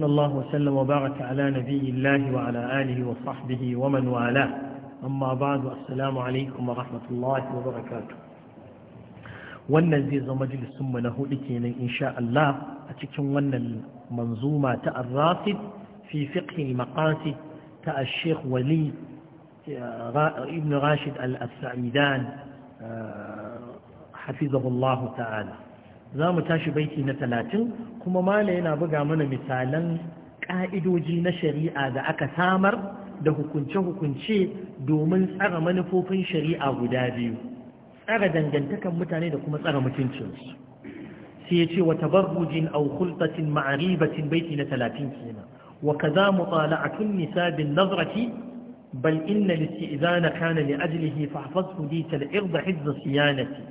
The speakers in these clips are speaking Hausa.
صلى الله وسلم وبارك على نبي الله وعلى آله وصحبه ومن والاه أما بعد السلام عليكم ورحمة الله وبركاته wannan zai zama majalisun mu na hudu kenan insha Allah a cikin wannan manzuma ta Ar-Rafid fi fiqh al maqasid ta al-sheikh wali ibn rashid al-sa'idan hafizahullahu ta'ala za mu tashi baiti na talatin kuma mala yana buga mana misalan ƙa'idoji na shari'a da aka samar da hukunce-hukunce domin tsara manufofin shari'a guda biyu tsara dangantakan mutane da kuma tsara mutuncinsu sai ya ce wata barbujin au hulɗatin ma'aribatin baiti na talatin kenan wa ka za mu tsala a tun nisa bin nazarati bal inna lissi na kana li ajilihi fa hafaz hudita da hizza siyanati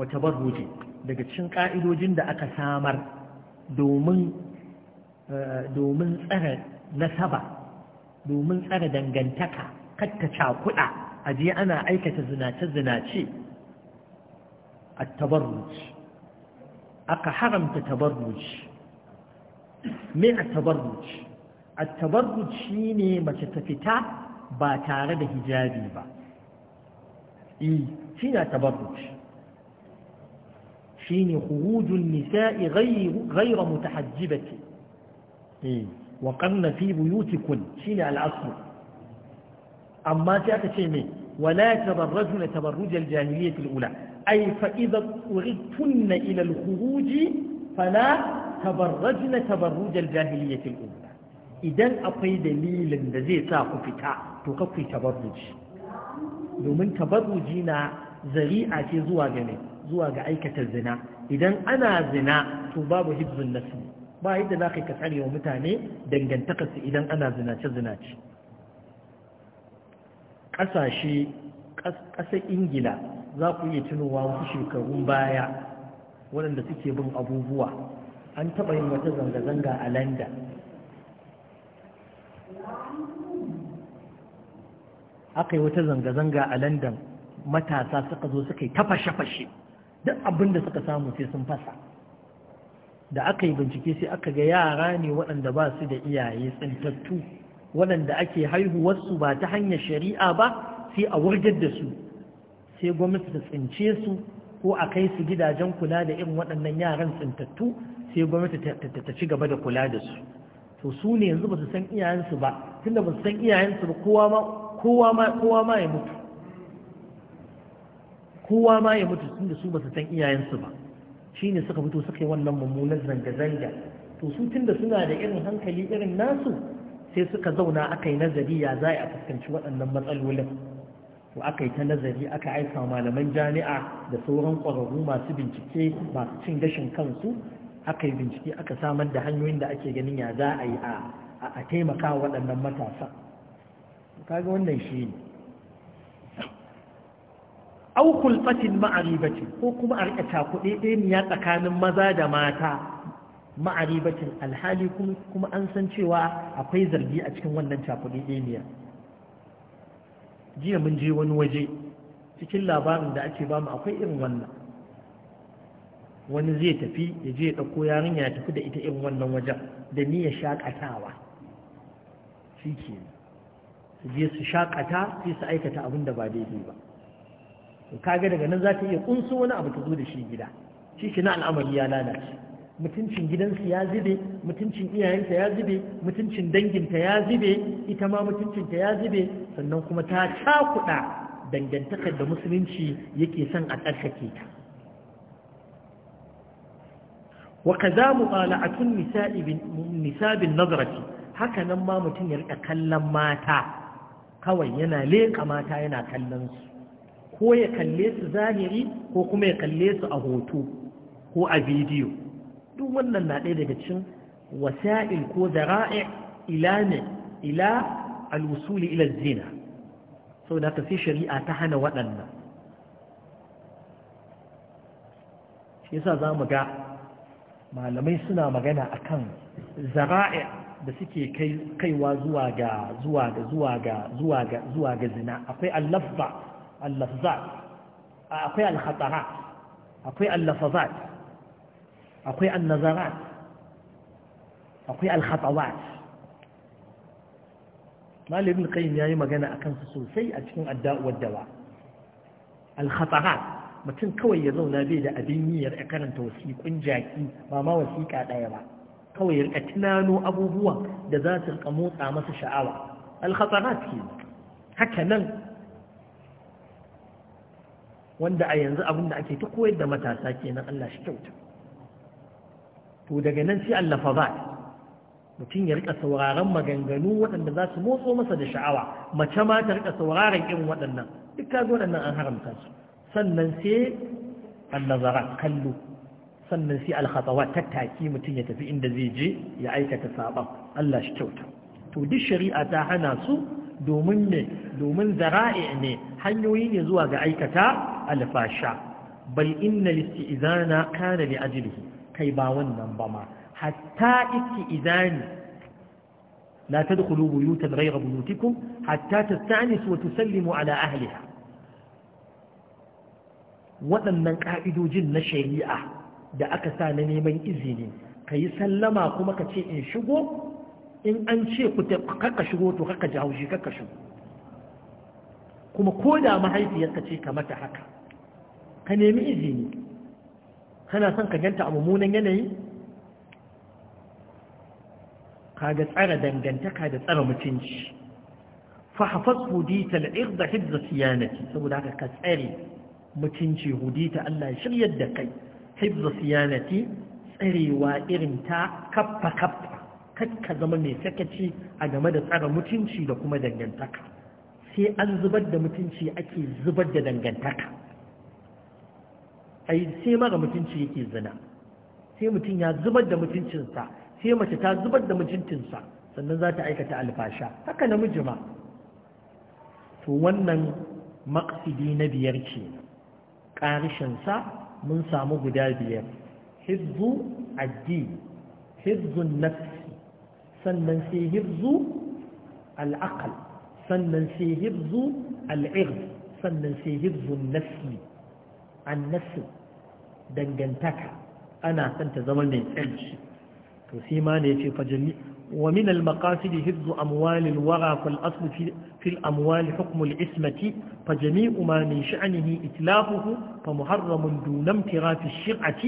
wata barbujin daga cikin ƙa'idojin da aka samar domin eh, tsara nasaba domin tsara dangantaka katta cakuɗa aje ana aikata zinace-zinace a tabarruci aka haramta tabarruci me a tabarruci a tabarruci ne mace ta fita ba tare da hijabi ba e shi na tabarruci شين خروج النساء غير, غير متحجبة إيه. وقرن في بيوتكن شين العصر أما تأتي شيء ولا تبرجن تبرج الجاهلية الأولى أي فإذا اضطردتن إلى الخروج فلا تبرجن تبرج الجاهلية الأولى إذا أقي دليل لذي ساق فتا تقفي تبرج لمن تبرجنا zari'a ce zuwa ga ne zuwa ga aikata zina idan ana zina to babu hibzun nafsi ba yadda za ka ka tsare wa mutane dangantaka su idan ana zinace zinace ƙasashe ƙasar ingila za ku iya tunowa wasu shekarun baya waɗanda suke bin abubuwa an taɓa yin wata zanga-zanga a landa aka yi wata zanga-zanga a landan matasa suka zo suka yi tafashe fashe duk abin da suka samu sai sun fasa da aka yi bincike sai aka ga yara ne waɗanda ba su da iyaye tsintattu waɗanda ake haihuwarsu ba ta hanyar shari'a ba sai a wurgar da su sai gwamnati ta tsince su ko a kai su gidajen kula da irin waɗannan yaran tsintattu sai gwamnati ta ci gaba da kula da su to su ne yanzu ba su san iyayensu ba tunda ba su san iyayensu ba kowa ma ya mutu kowa ma ya mutu tun da su ba su san iyayensu ba shine suka fito suka yi wannan mummunan zanga-zanga to su tun da suna da irin hankali irin nasu sai suka zauna aka yi nazari ya za a fuskanci waɗannan matsalolin to aka yi ta nazari aka aika malaman jami'a da sauran ƙwararru masu bincike masu cin gashin kansu aka yi bincike aka samar da hanyoyin da ake ganin ya za a yi a taimaka waɗannan matasa kaga wannan shi ne au kulfatin ma'aribacin ko kuma a riƙa cakuɗe ɗaya tsakanin maza da mata ma'aribacin alhali kuma an san cewa akwai zargi a cikin wannan cakuɗe ɗaya jiya mun je wani waje cikin labarin da ake bamu akwai irin wannan wani zai tafi ya je ya ɗauko yarinya ya tafi da ita irin wannan wajen da ni ya shaƙatawa shi ke su je su shaƙata sai su aikata abin da ba daidai ba to kaga daga nan za ta iya kunso wani abu ta zo da shi gida shi shi na al'amari ya lalace mutuncin gidansu ya zube mutuncin iyayenta ya zube mutuncin danginta ya zube ita ma mutuncinta ya zube sannan kuma ta cakuɗa dangantakar da musulunci yake son a tsarkake ta nisabin nisabin haka nan ma mutum ya rika kallon mata kawai yana leƙa mata yana kallon su. ko ya kalle su zahiri ko kuma ya kalle su a hoto ko a bidiyo duk wannan na ɗaya daga cikin wasa'il ko zara'i ila ne ila al alwusuli ila zina sau da sai shari'a ta hana waɗannan shi yasa za mu ga malamai suna magana akan zara'i da suke kaiwa zuwa ga zuwa ga zuwa ga zuwa ga zina akwai alafba. اللفظات أقوي الخطرات أقوي اللفظات أقوي النظرات أقوي الخطوات ما لابن قيم يعني ما كان أكن في سلسي أتكون الداء والدواء الخطرات ما تن كوي يظون بي لأبيني يرأكنا توسيق إنجاكي ما ما وسيق أدائرا كوي الأتنانو أبو هو لذات القموط عمس الشعاوة الخطرات كي هكذا wanda a yanzu abin da ake ta koyar da matasa kenan Allah shi kyauta to daga nan sai Allah fa mutum ya rika sauraron maganganu waɗanda za su motso masa da sha'awa mace ma ta rika sauraron irin waɗannan duk ka zo waɗannan an haramta su sannan sai annazara kallo sannan sai alhatawa tattaki mutum ya tafi inda zai je ya aikata saban Allah shi kyauta to duk shari'a ta hana su domin ne domin zara'i ne hanyoyi ne zuwa ga aikata alfasha bal inna listi'izana kana li ajlihi kai ba wannan ba ma hatta isti'izani لا تدخلوا بيوتا غير hatta حتى تستأنس وتسلموا ala ahliha waɗannan ƙa'idojin na shari'a da aka sa na neman izini ka yi sallama kuma ka ce in shigo in an ce ku kaka shigo to kaka ji haushi kaka shigo kuma ko da mahaifiyarka ce ka mata haka ka nemi izini kana son ka ganta a mummunan yanayi kaga tsara dangantaka da tsara mutunci fa hafaz hudita al'irda hibza siyanati saboda haka ka tsare mutunci hudita Allah ya shirya da kai hibza siyanati tsarewa irin ta kaffa kaffa kakka zama mai sakaci a game da tsara mutunci da kuma dangantaka sai an zubar da mutunci ake zubar da dangantaka ai sai mara mutunci yake zina sai mutum ya zubar da mutuncinsa sai mace ta zubar da mutuncinsa sannan za ta aikata alfasha haka namiji ma to wannan maksidi na biyar ce sa mun samu guda biyar hizzu addi hizzun nafsi sannan sai hizbu al'aqal فننسي حفظ العقد فننسي حفظ النسل عن نفس دنجنتك أنا أنت زمن الحج تسيماني في فجلي ومن المقاصد حفظ أموال الورى فالاصل في, في الأموال حكم الإسمة فجميع ما من شأنه إتلافه فمحرم دون امتراف الشرعة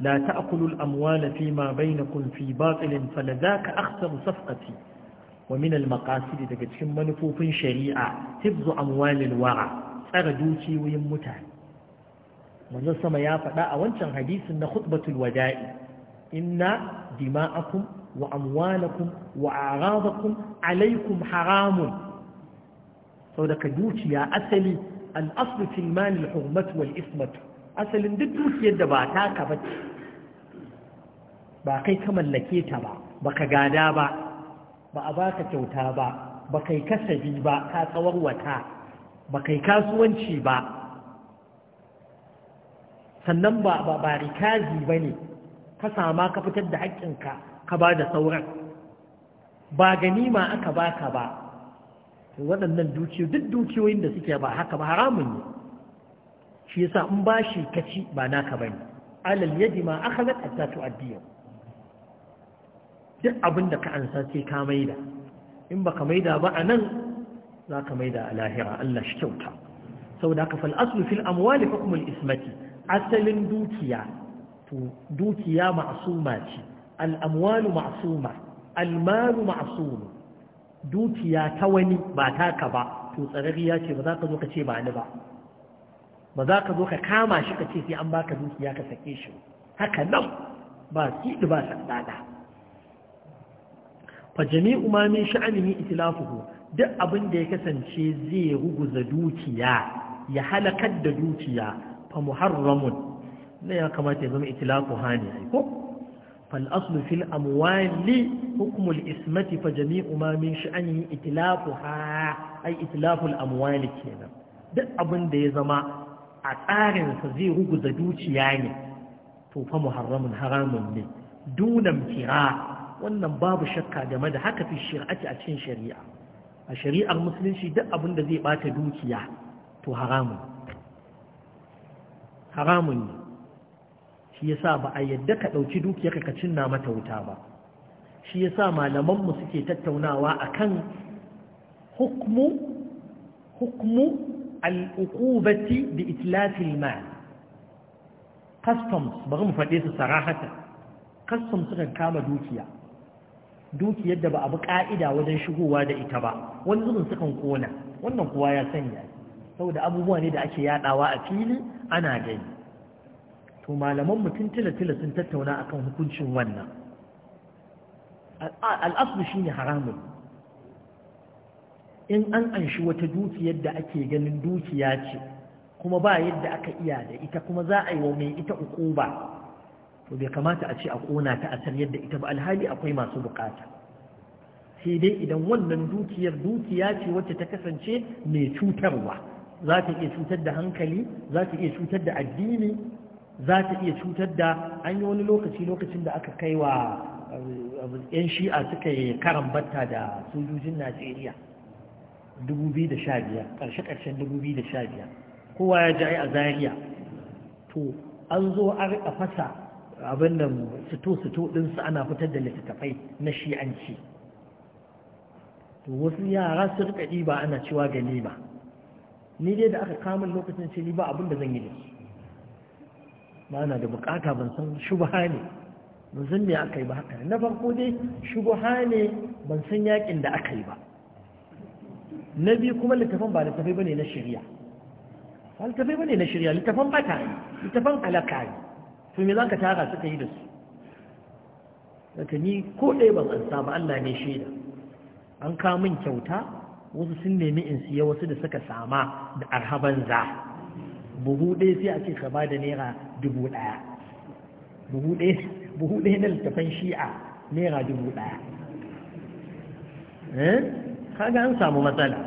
لا تأكل الأموال فيما بينكم في باطل فلذاك أخسر صفقتي wa min al-maqasid daga cikin manufofin shari'a hifzu amwalil wara tsara dukiyoyin mutane manzo sama ya faɗa a wancan hadisin na khutbatul wada'i inna dima'akum wa amwalakum wa a'radakum alaykum haramun sau daga dukiya asali al-aslu fil mal al-hurmat wal ismat asalin duk dukiyar da ba taka bace ba kai ka mallake ta ba baka gada ba ba a baka kyauta ba ba kai kasabi ba ka tsawar wata ba kai kasuwanci ba sannan ba ba ba rikazi ba ne ka sama ka fitar da haƙƙinka ka ba da sauran ba ganima aka baka ba waɗannan dukiyoyi duk dukiyoyin da suke ba haka ba haramun ne shi yasa in bashi kaci ba naka bane alal yadi ma akhadat hatta tu'addiyahu duk abin da ka ansa sai ka maida in ba ka maida ba a nan za ka maida a lahira Allah shi kyauta sau da ka fal'asu fil amwali hukumul ismati asalin dukiya to dukiya ma'asuma ce al'amwalu ma'asuma almalu ma'asumu dukiya ta wani ba taka ba to tsarariya ce ba za ka zo ka ce ba ni ba ba za ka zo ka kama shi ka ce sai an baka dukiya ka sake shi haka nan ba kiɗi ba sandada fa jami'u ma min duk abin da ya kasance zai ruguza dukiya ya halakar da dukiya fa muharramun ne ya kamata ya zama itilafu hani ai ko fal aslu fil amwali hukmu al ismati fa jami'u ma min sha'anihi ai itilafu al amwali kenan duk abin da ya zama a tsarin sa zai ruguza dukiya ne to fa muharramun haramun ne dunan kira wannan babu shakka game da haka fi shir'ati a cikin shari'a a shari'ar musulunci duk abin da zai bata dukiya to haramun haramun ne shi yasa ba a yadda ka ɗauki dukiya ka cinna mata wuta ba shi yasa malamanmu suke tattaunawa akan hukmu hukmu al'uqubati bi itlafil mal customs bari mu faɗe su sarahata customs suka kama dukiya dukiyar da ba a bi ka'ida wajen shigowa da ita ba wani zubin sukan kona wannan kuwa ya sanya saboda abubuwa ne da ake yaɗawa a fili ana gani to malaman mutum tilatila sun tattauna akan hukuncin wannan Al'asu shi ne haramun in an anshi wata dukiyar da ake ganin dukiya ce kuma ba yadda aka iya da ita kuma za a yi wa mai ita ba. to bai kamata a ce a ƙona ta a san yadda ita ba alhali akwai masu bukata sai dai idan wannan dukiyar dukiya ce wacce ta kasance mai cutarwa za ta iya cutar da hankali za ta iya cutar da addini za ta iya cutar da an yi wani lokaci lokacin da aka kai wa eh, 'yan shi'a suka yi karambatta da sojojin najeriya 2015 ƙarshe-ƙarshen 2015 kowa ya ji a zariya to an zo a rika fasa abin da sito-sito ɗinsu ana fitar da littattafai na shi'anci to wasu yara su rika ɗiba ana cewa ba. ni dai da aka kamun lokacin ce ni ba abin da zan yi da su ba na da bukata ban san shubha ne zan san me aka yi ba haka na farko dai shubha ne ban san yakin da aka yi ba na biyu kuma littafan ba littafai bane na shirya. ba littafai bane na shari'a littafan bata ne littafan halaka ne Su me za ka tara suka yi da su daga ni ko ɗaya ban an ba Allah ne shaida an kamun kyauta wasu sun nemi in siya wasu da suka sama da arhaban za buhu ɗaya sai a ce ka ba da naira dubu ɗaya buhu ɗaya na littafan shi'a naira dubu ɗaya eh? kaga an samu matsala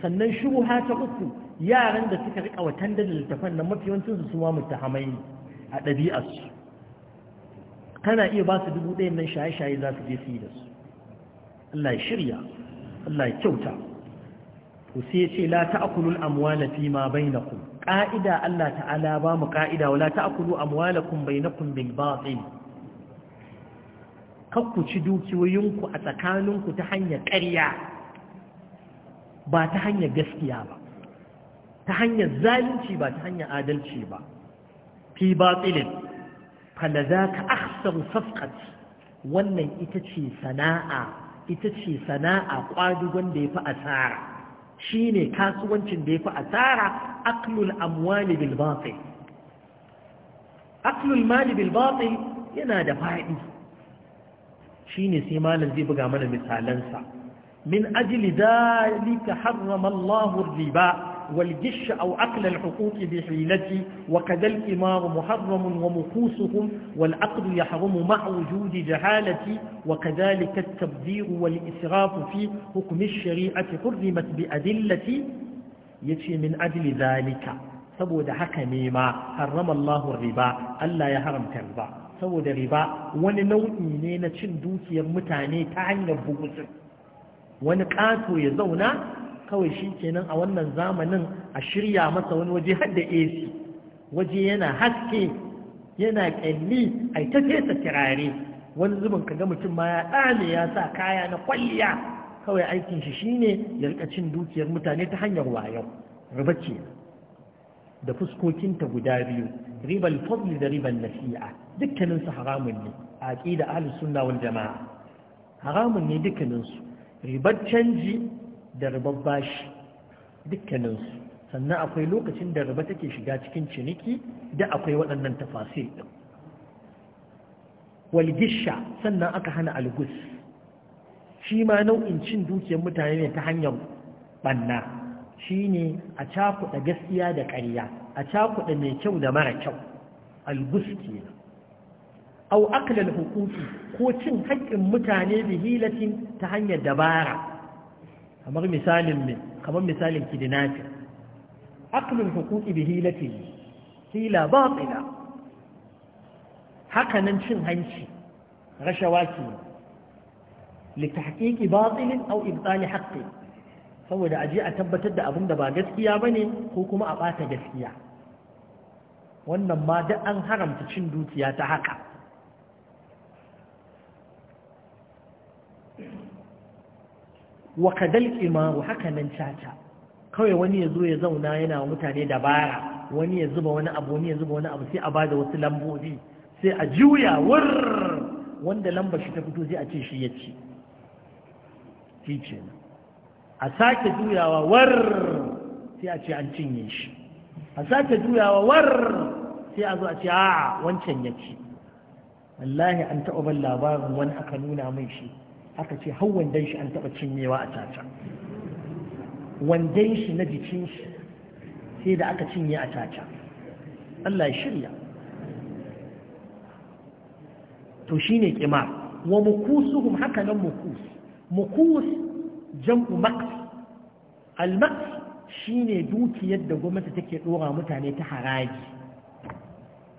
sannan shubuha ta uku yaran da suka riƙa watan da littafan na mafi yawancin su suma mutahamai ne a ɗabi'arsu kana iya ba su dubu ɗayan nan shaye-shaye za su je su da su Allah ya shirya Allah ya kyauta to sai ya ce la ta'kulul amwala fi ma ku. qa'ida Allah ta'ala ba mu qa'ida wala ta'kulu amwalakum bainakum bil batil kakku ci dukiyoyinku a tsakaninku ta hanyar ƙarya ba ta hanyar gaskiya ba ta hanyar zalunci ba ta hanyar adalci ba fi batilin falazaka ahsaru safqati wannan ita ce sana'a ita ce sana'a kwadugon da yafi asara shine kasuwancin da yafi asara aklul amwali bil batil aklul mali bil batil yana da shi shine sai malam zai buga mana misalansa min ajili dalika harrama Allahu riba والجش أو أكل الحقوق بحيلته وكذا الإمار محرم ومقوسهم والعقد يحرم مع وجود جهالة وكذلك التبذير والإسراف في حكم الشريعة حرمت بأدلة يتي من أجل ذلك saboda haka ne ma harrama Allahun riba Allah ya haramta riba saboda riba wani nau'i ne na cin dukiyar mutane ta hanyar bugusin wani kato ya zauna kawai shi kenan a wannan zamanin a shirya masa wani waje har da AC waje yana haske yana ƙyalli a ta fesa kirare wani zubin kaga mutum ma ya ɗane ya sa kaya na kwalliya kawai aikin shi shine ya rika cin dukiyar mutane ta hanyar wayo riba ce da fuskokinta guda biyu ribal fadli da ribal nasi'a dukkanin su haramun ne a aqida ahlus sunna wal jamaa haramun ne dukkanin su ribar canji da ribar bashi dukkaninsu sannan akwai lokacin da riba take shiga cikin ciniki da akwai waɗannan tafasir ɗin walgisha sannan aka hana algus shi ma nau'in cin dukiyar mutane ne ta hanyar ɓanna shi ne a cakuɗa gaskiya da ƙarya a cakuɗa mai kyau da mara kyau algus kenan au aklal hukuki ko cin haƙƙin mutane bihilatin ta hanyar dabara kamar misalin mai kamar misalin kidnapping aklul huquqi bi hilatihi hila batila haka nan cin hanci rashawa ce litahqiqi batilin aw ibtali haqqi saboda aje a tabbatar da abin da ba gaskiya bane ko kuma a bata gaskiya wannan ma da an haramta cin dukiya ta haka wa kadal imamu haka nan caca kawai wani ya zo ya zauna yana wa mutane dabara wani ya zuba wani abu wani ya zuba wani abu sai a bada wasu lambobi sai a juya wurr wanda lambar shi ta fito sai a ce shi ya ci shi a sake juyawa warr sai a ce an cinye shi a sake juyawa warr sai a zo a ce a wancan ya ci wallahi an taɓa ban labarin wani aka nuna mai shi aka ce hau wandan shi an taɓa cinyewa a caca wandan shi na jikin shi sai da aka cinye a caca Allah ya shirya to shi ne ƙimar wa mukusuhum haka nan mukus mukus jam'u maks al-maks shi ne dukiyar da gwamnati take ɗora mutane ta haraji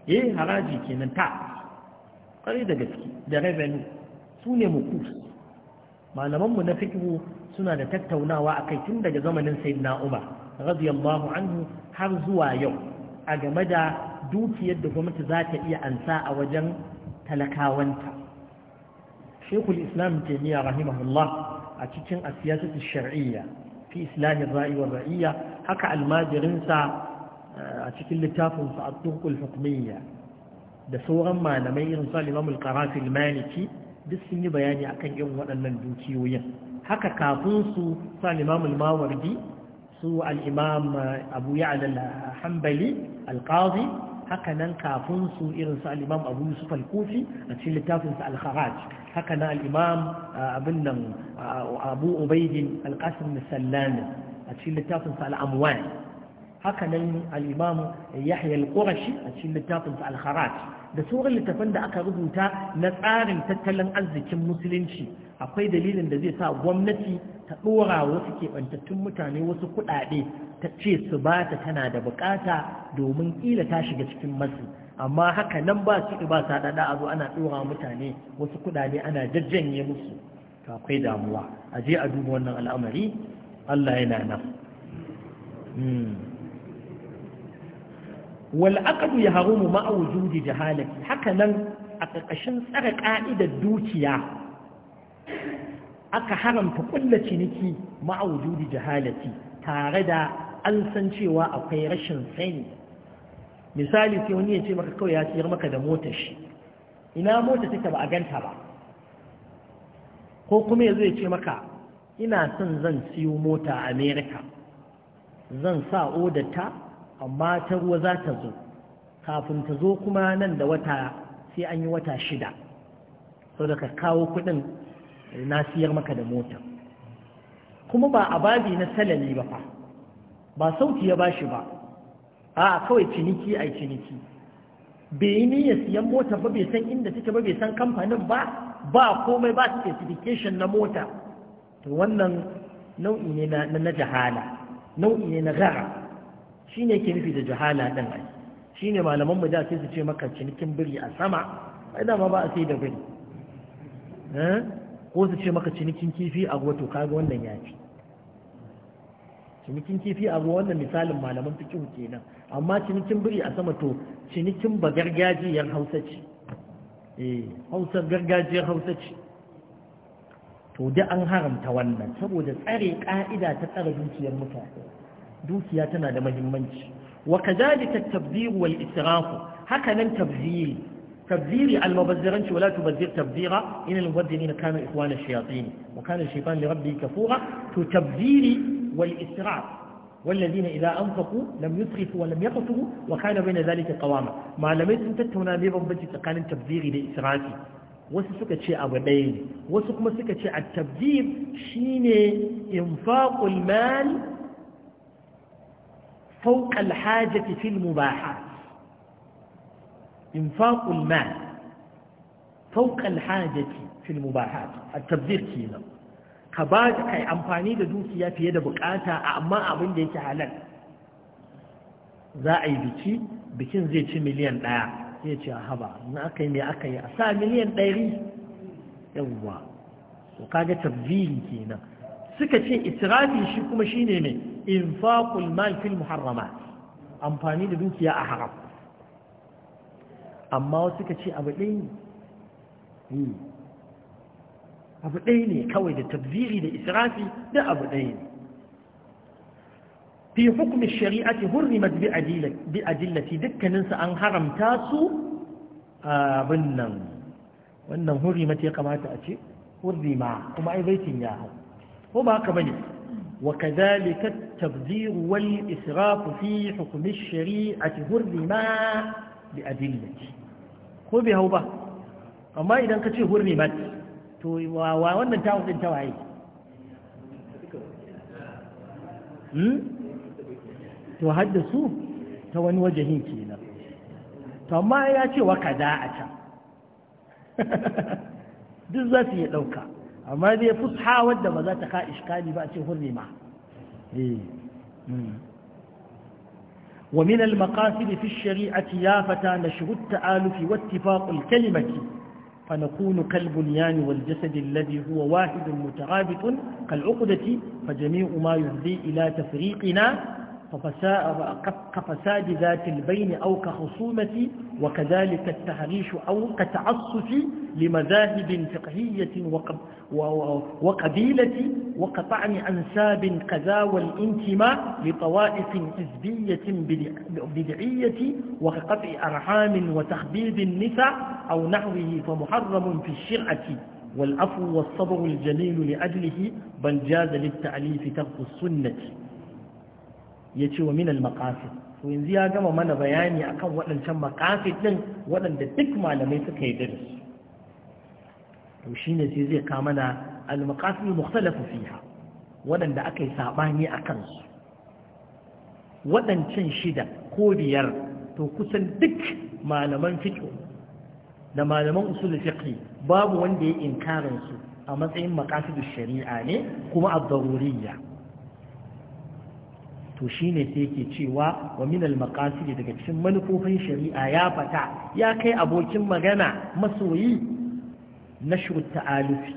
eh haraji kenan ta ƙari da gaske da revenue su ne mukus malamanmu na fiqhu suna da tattaunawa akai tun daga zamanin sayyidina Umar radiyallahu anhu har zuwa yau a game da dukiyar da gwamnati za ta iya ansa a wajen talakawanta Sheikhul Islam Taymiyyah rahimahullah a cikin asiyasatu shar'iyya fi Islami ra'i wa ra'iyya haka almajirinsa eh, a cikin littafinsa a turkul hukumiyya da sauran malamai irin su al maliki duk sun yi bayani akan yin waɗannan dukiyoyin haka kafin su sa imamul mawardi su al'imam abu ya'ala al-hambali al-qazi haka nan kafin su irin su al'imam abu yusuf al-kufi a cikin littafinsa al-kharaj haka nan al'imam abin nan abu ubaidin al-qasim musallami a cikin littafinsa al-amwan haka nan al'imam yahya al-qurashi a cikin littafinsa al-kharaj da sauran littafan da aka rubuta na tsarin tattalin arzikin musulunci akwai dalilin da zai sa gwamnati ta ɗora wasu keɓantattun mutane wasu kuɗaɗe ta ce su ba ta tana da buƙata domin ƙila ta shiga cikin masu amma haka nan ba su ba sa ɗaɗa a zo ana ɗora mutane wasu kuɗaɗe ana jajjanye musu akwai damuwa a je a duba wannan al'amari Allah yana nan. Hmm. wal ya yahrumu ma'a wujudi jahalati haka nan a ƙarƙashin tsare ka'idar dukiya aka haramta kulla ciniki ma'a wujudi jahalati tare da an san cewa akwai rashin sani misali sai wani ya ce maka kawai ya siyar maka da motar shi ina mota take ba a ganta ba ko kuma ya zai ya ce maka ina son zan siyo mota a america zan sa odata amma ta ruwa za ta zo kafin ta zo kuma nan da wata sai an yi wata shida sau da ka kawo kudin na siyar maka da mota kuma ba a babi na salami ba fa ba sauti ya bashi ba a kawai ciniki a ciniki bai yi niyyar siyan mota ba bai san inda take ba bai san kamfanin ba ba komai ba specification na mota to wannan nau'i ne na jahala nau'i ne na gara shi ne ke nufi da jahala ɗin ai shi ne malaman mu da sai su ce maka cinikin biri a sama ai dama ba a sai da biri eh? ko su ce maka cinikin kifi a ruwa to kaga wannan ya fi cinikin kifi a ruwa wannan misalin malaman fikihu kenan amma cinikin biri a sama to cinikin ba gargajiyar hausa ce eh Hausa gargajiyar hausa ce to da an haramta wannan saboda tsare ka'ida ta tsara dukiyar mutane dukiya tana da mahimmanci wa kadalika at-tabdhir wal israf haka nan tabdhir tabdhir al mubazziran wa la tubdhir tabdhira in al-mubadhdhirina kanu ikhwana ash-shayatin wa kana ash-shaytan li rabbi kafura tu tabdhir wal israf wal ladina والذين إذا أنفقوا لم يسرفوا ولم يقتروا وكان بين ذلك قواما ما لم يتم تتونا بيبن tsakanin tabdhir da israf wasu suka ce abu ɗaya ne wasu kuma suka ce at-tabdhir shine infaqul mal فوق الحاجة في المباحات إنفاق المال فوق الحاجة في المباحات التبذير كينا كباد كي أمفاني دوكيا في يد بقاتا أما أبن ديك حلال za a yi biki bikin zai ci miliyan ɗaya zai ce a haba na aka yi mai aka yi a sa miliyan ɗari yawwa kaga tabbili kenan suka ce itirafi shi kuma shine ne infaqul mal fil muharramat amfani da dukiya a haram amma wasu ka ce abu ɗaya ne hmm. abu ɗaya ne kawai da tabbiri da israfi da abu ɗaya ne fi hukumin shari'ati hurrimat bi adillati dukkaninsu an haramta su abin nan wannan hurrimat ya kamata a ce hurrima kuma ai baikin ya hau ko ba haka bane وكذلك التبذير والإسراف في حكم الشريعة هرما بأدلة خذ بها وبه أما إذا كنت هرمت وأن تعود أنت وعيد تحدثوا توان وجهين كينا فما يأتي وكذا أتا دزاتي لوكا أما dai فصحى wadda ba za ta ka iskali ba a ومن المقاصد في الشريعة يا فتى نشر التآلف واتفاق الكلمة فنكون كالبنيان والجسد الذي هو واحد مترابط كالعقدة فجميع ما يهدي إلى تفريقنا كفساد ذات البين أو كخصومة وكذلك التهريش أو كتعصف لمذاهب فقهية وقبيلة وقطعن أنساب كذا والانتماء لطوائف حزبية بدعية وكقطع أرحام وتخبيب النساء أو نحوه فمحرم في الشرعة والعفو والصبر الجليل لأجله بل جاز للتعليف ترك السنة ya ce wa minal maqasid to yanzu ya gama mana bayani akan waɗancan makafi ɗin waɗanda duk malamai suka yi dare to ne sai zai ka mana al maqasid mukhtalafu fiha waɗanda aka yi saɓani a kansu. waɗancan shida ko biyar to kusan duk malaman fiqh da malaman usul fiqh babu wanda ya inkarin su a matsayin maqasidush shari'a ne kuma a daruriyya to shi ne sai yake cewa wa min al daga cikin manufofin shari'a ya fata ya kai abokin magana masoyi na nashru ta'alufi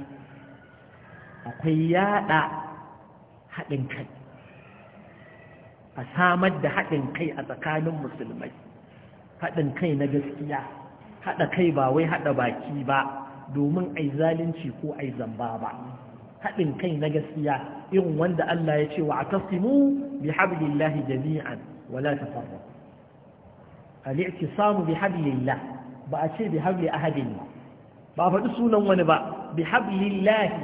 akwai yada haɗin kai a samar da haɗin kai a tsakanin musulmai haɗin kai na gaskiya haɗa kai ba wai haɗa baki ba domin ai zalunci ko ai zamba ba haɗin kai na gaskiya irin wanda Allah ya ce wa a atasimu bi hablillahi jami'an wala tafarraqu al-i'tisamu bi hablillah ba a ce bi habli ahadin ba ba faɗi sunan wani ba bi hablillahi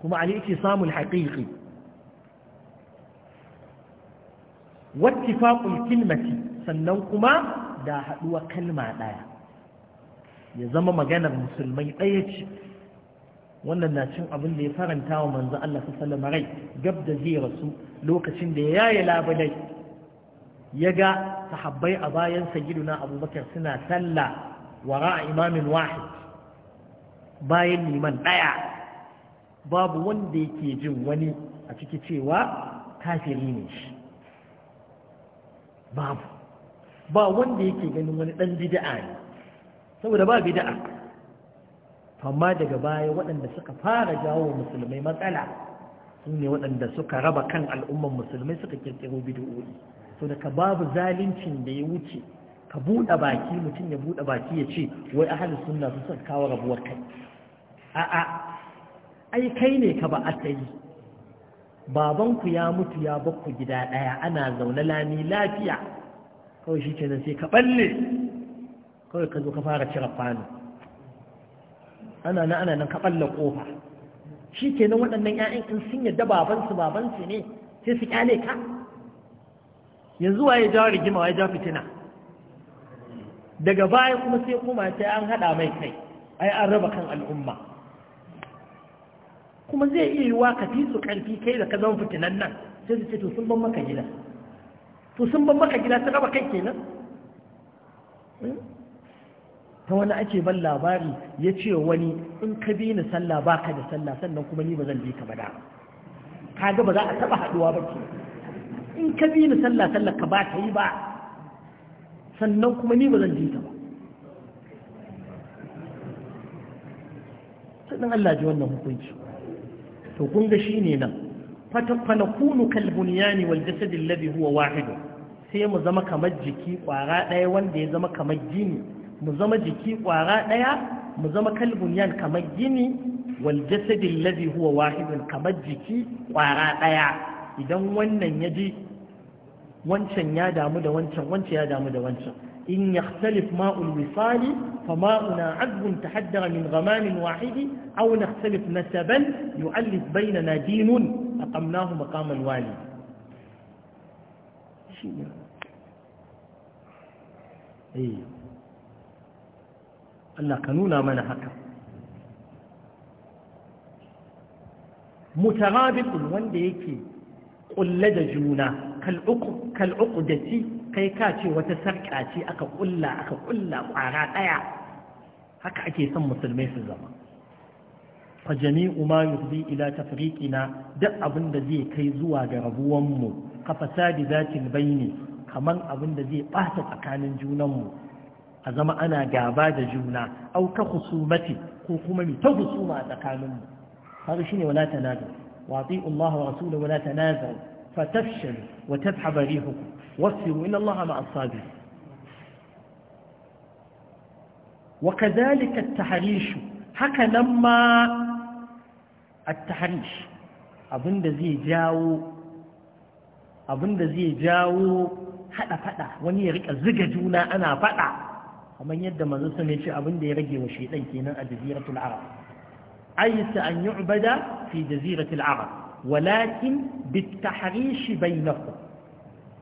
kuma al-i'tisamu al-haqiqi wa ittifaqul kalmati sannan kuma da haɗuwa kalma ɗaya ya zama maganar musulmai ɗaya ce wannan na cin abin da ya faranta wa manzo Allah sallallahu rai gab da zai rasu lokacin da ya yaye labulai ya ga sahabbai a bayan sayyiduna abubakar suna sallah wara imamin wahid bayan liman ɗaya. babu wanda yake jin wani a ciki cewa kafiri ne shi babu ba wanda yake ganin wani ɗan bid'a ne saboda ba bid'a amma daga baya waɗanda suka fara jawo wa musulmai matsala su ne waɗanda suka raba kan al'umman musulmai suka kirkiro bidiyoyi so daga babu zalincin da ya wuce ka buɗe baki mutum ya buɗe baki ya ce wai ahalin suna su suka kawo rabuwar kai a'a ai kai ne ka ba yi. babanku ya mutu ya bakku gida ɗaya ana zaune lami lafiya kawai shi kenan sai ka balle kawai ka zo ka fara cire fano ana na ana nan kaɓalla ƙofa shi ke nan waɗannan ‘ya'yan in sun yadda babansu babansu ne sai su ƙyale ka yanzu waye jawo rigima waye jawo fitina daga baya kuma sai kuma sai an haɗa mai kai ai an raba kan al'umma kuma zai iya wa ka fi su ƙarfi kai da ka zama fitinan nan sai su ce to sun ban maka gida to sun ban maka gida sun raba kai kenan hmm? ta wani ake ban labari ya ce wani in ka bi ni sallah ba ka da sallah sannan kuma ni ba zan bi ka ba da ka ga ba za a taɓa haɗuwa ba ke in ka bi ni sallah sallah ka ba ta yi ba sannan kuma ni ba zan bi ta ba sannan Allah ji wannan hukunci to kun ga shine nan fatakunu kal bunyani wal jasad alladhi huwa wahid sai mu zama kamar jiki kwara ɗaya wanda ya zama kamar jini mu zama jiki kwara ɗaya mu zama kalbun yan kamar gini wal jasadin ladhi huwa wahidun kamar jiki kwara ɗaya idan wannan yaji ji wancan ya damu da wancan wancan ya damu da wancan in yakhtalif ma'ul wisali fa ma'una azbun tahaddara min ghamamin wahidi aw nakhtalif nasaban yu'allif bainana dinun aqamnahu maqamal wali shi ne eh. Allah ka nuna mana haka mutarabiqun wanda yake kulle da juna kal uqdati kai ka ce wata sarƙa ce aka kulla aka kulla kwara daya haka ake son musulmai su zama fa jami'u ma yufdi ila tafriqina duk abin da zai kai zuwa ga rabuwanmu, mu ka fasadi zatil baini kaman abin da zai ɓata tsakanin junan mu a zama ana gaba da juna au ka husumati ko kuma mi ta husuma tsakaninmu har shi ne wala tanazu wa ati'u Allah wa rasuluhu wala tanazu fa tafshal wa tadhhab rihukum wasfiru inna Allah ma asabi wa kadhalika at-tahrish haka nan ma at-tahrish abinda zai jawo abinda zai jawo hada fada wani ya rika zuga juna ana fada kamar yadda manzo sun ce abin da ya rage wa shaytan kenan a jaziratul arab aysa an yu'bada fi jaziratul arab walakin bit tahrish bainakum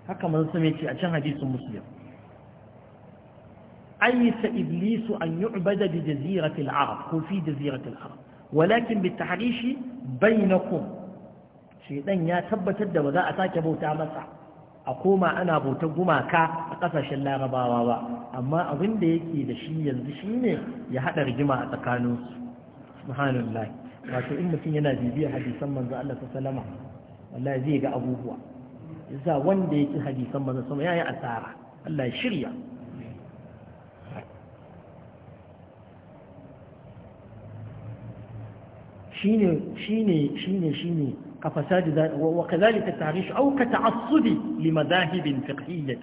haka manzo sun ce a can hadisin muslim iblis an yu'bada bi jaziratul arab ko fi jaziratul arab walakin bit tahrish bainakum shaytan ya tabbatar da ba za a sake bauta masa a koma ana bautar gumaka a ƙasashen larabawa ba amma abin da yake da shi yanzu shi ne ya haɗa rigima a tsakaninsu subhanallah wato in mutum yana bibiyar hadisan manzo Allah ta salama wallahi zai ga abubuwa yasa wanda yake hadisan manzo sama yayi asara Allah ya shirya shine shine shine shine كفساد ذلك وكذلك التعريش أو كتعصب لمذاهب فقهية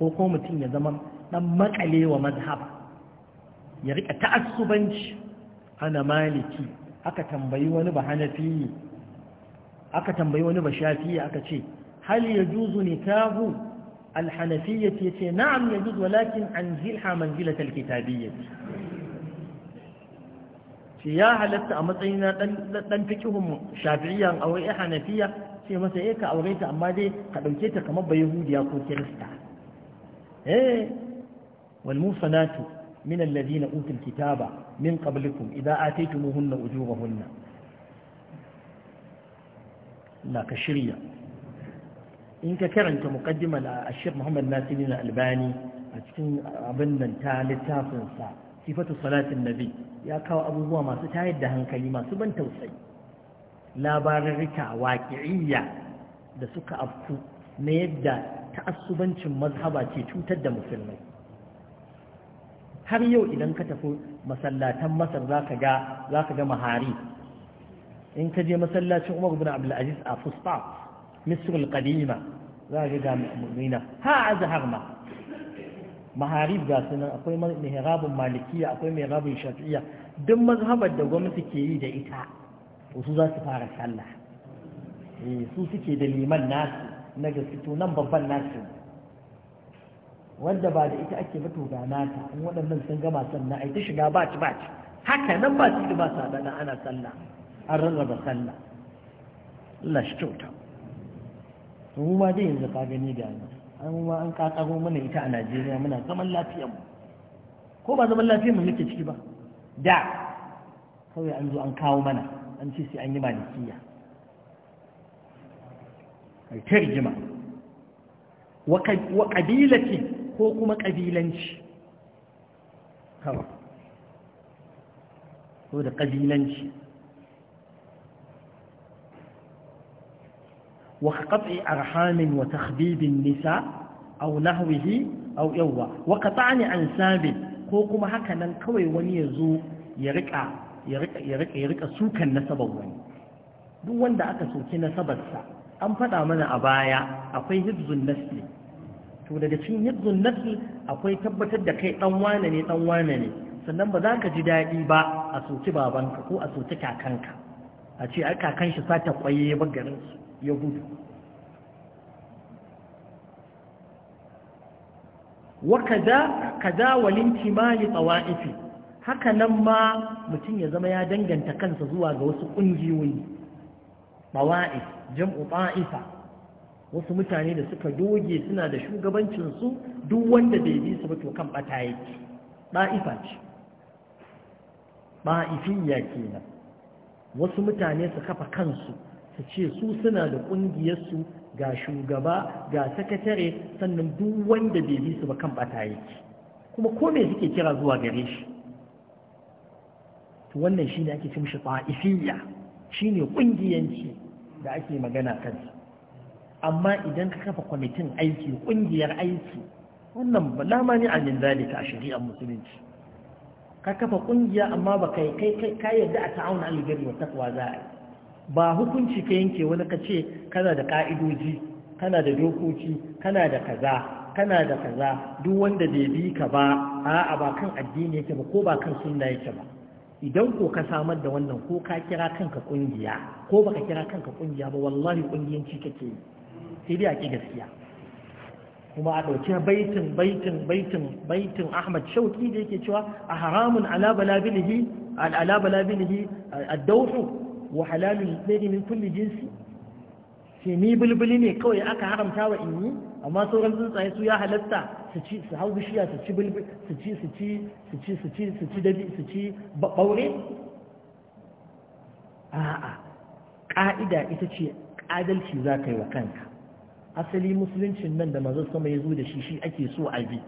حكومة يزمن نمك عليه ومذهب يريك تعصبنش أنا مالكي أكا تنبي ونبحنفي أكا تنبي ونبشافي أكا شيء هل يجوز نكاه الحنفية يتي نعم يجوز ولكن عن زلحة منزلة الكتابية shi ya halatta a matsayin na ɗan fikihun shafi'iyya aure ya hanafiya sai masa eh ka aure ta amma dai ka ɗauke ta kamar ba yahudiya ko kirista eh wal musanatu min alladhina utul kitaba min qablikum idza ataytumuhunna ujurahunna la ka shirya in ka karanta muqaddima la ashir muhammad nasirin albani a cikin abin nan ta littafinsa sifatu salatin nabi ya kawo abubuwa masu tayar da hankali masu ban tausayi labararrika waƙi'iyya da suka afku na yadda ta'assubancin mazhaba ce cutar da musulmai har yau idan ka tafi masallatan masar za ka ga mahari in ka je masallacin umar bin abdulaziz a fustat misr al za ka ga mu'mina ha zahar ma maharib ga sunan akwai mihrabun malikiya akwai mihrabun shafi'iyya duk mazhabar da gwamnati ke yi da ita su za su fara sallah eh, su suke da liman nasu na gaske nan babban nasu wanda ba da ita ake to ga nata in waɗannan sun gama sannan ai ta shiga ba ci ba ci haka nan ba su ba sa dana ana sallah an rarraba sallah Allah shi kyauta mu ma dai yanzu ka gani da yanzu an ma an kakaro mana ita a najeriya muna zaman lafiyar mu ko ba zaman lafiyar mu muke ciki ba da kawai an zo an kawo mana an ce sai an yi malikiya ai ta wa kabilati ko kuma kabilanci kawai ko da kabilanci وقطع أرحام وتخبيب النساء أو نحوه أو يوى وقطع أنساب كوكما هكذا كوي ونيزو يرقع يرقع سوكا نسبا وني duk wanda aka soki nasabarsa an faɗa mana a baya akwai hibzun nasli to daga cikin hibzun nasli akwai tabbatar da kai ɗan wane ne ɗan wane ne sannan ba za ka ji daɗi ba a soki babanka ko a kakanka a ce shi sata kwaye ba ya gudu وكذا كذا kimali لطوائف haka nan ma mutum ya zama ya danganta kansa zuwa ga wasu ƙungiyoyi mawa'if jam'u ta'ifa wasu mutane da suka doge suna da shugabancinsu duk wanda bai bi su ba to kan bata yake ta'ifa ce ma'ifiyya kenan wasu mutane su kafa kansu ta ce su suna da ƙungiyarsu ga shugaba ga sakatare sannan duk wanda bai bi su ba kan bata yake kuma ko me suke kira zuwa gare shi to wannan shine ake cin shi ta'ifiyya shine kungiyanci da ake magana kansa amma idan ka kafa kwamitin aiki ƙungiyar aiki wannan ba ne a min zalika a shari'ar musulunci ka kafa kungiya amma ba kai kai kai yadda a ta'auna al-birri wa taqwa za a ba hukunci ka yanke wani ka ce kana da ka'idoji kana da dokoki kana da kaza kana da kaza duk wanda bai bi ka ba a'a ba kan addini yake ba ko ba kan sunna yake ba idan ko ka samar da wannan ko ka kira kanka kungiya ko baka kira kanka kungiya ba wallahi kungiyanci kake yi sai dai a ki gaskiya kuma a ɗauki baitin baitin baitin baitin Ahmad Shauki da yake cewa a haramun ala balabilihi ala balabilihi ad wa halalun ɗari min kulli jinsi ce ni bulbuli ne kawai aka haramta wa in yi amma sauran tsuntsaye su ya halatta su ci su hau bishiya su ci su ci su ci su ci su ci su ci dabi su ci baure a'a ƙa'ida ita ce adalci za ka yi wa kanka asali musuluncin nan da manzo sama ya zo da shi shi ake so a bi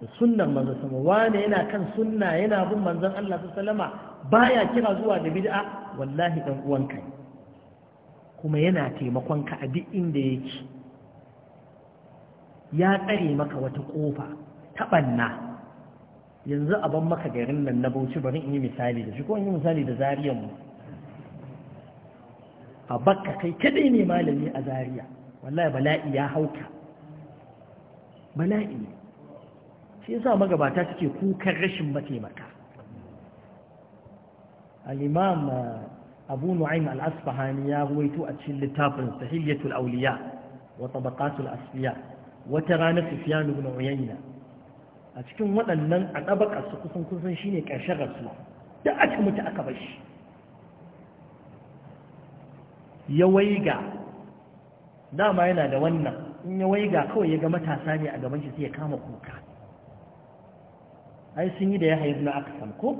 da sunnar manzo sama wane yana kan sunna yana bin manzon Allah sallama baya kira zuwa da bid'a wallahi dan uwanka kuma yana taimakon ka a duk inda yake ya tsare maka wata kofa ta banna yanzu a ban maka garin nan na Bauchi bari in yi misali da shi ko in yi misali da zariyan mu a bakka kai kaɗai ne malami a zariya wallahi bala'i ya hauka bala'i shi yasa magabata suke kukan rashin mataimaka al-imam uh, abu nu'aym al-asfahani ya ruwaito a cikin littafin sahihiyatul awliya wa tabaqatul asfiya wata rana sufyan ibn uyayna a cikin waɗannan a ɗabakar su kusan kusan shine ƙarshen rasuwa da aka mutu aka bar ya waiga dama yana da wannan in ya waiga kawai ya ga matasa ne a gaban shi sai ya kama kuka ai sun yi da ya haifu aka ko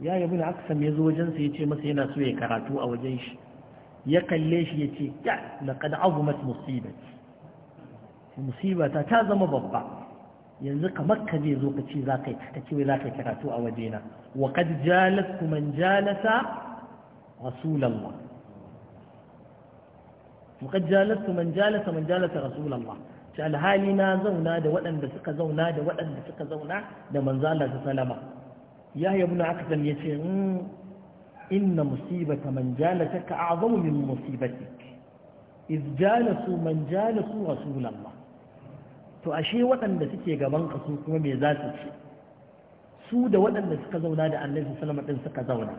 ya yabi na aksam ya zo wajensa ya ce masa yana so ya karatu a wajen shi ya kalle shi ya ce ya laqad azumat musibati musibata ta zama babba yanzu kamar ka je zo ka ce za ka ka ce za ka karatu a wajena wa qad jalat man jalasa rasulullah wa qad jalat man jalasa man jalasa rasulullah ta alhali na zauna da waɗanda suka zauna da waɗanda suka zauna da manzo Allah sallallahu alaihi ya yi abin aka ya ce inna musibata man jalata ka azamu min musibatik iz jalasu man jalasu rasulallah to ashe waɗanda suke gaban ka su kuma me za su ce su da waɗanda suka zauna da annabi sallama ɗin suka zauna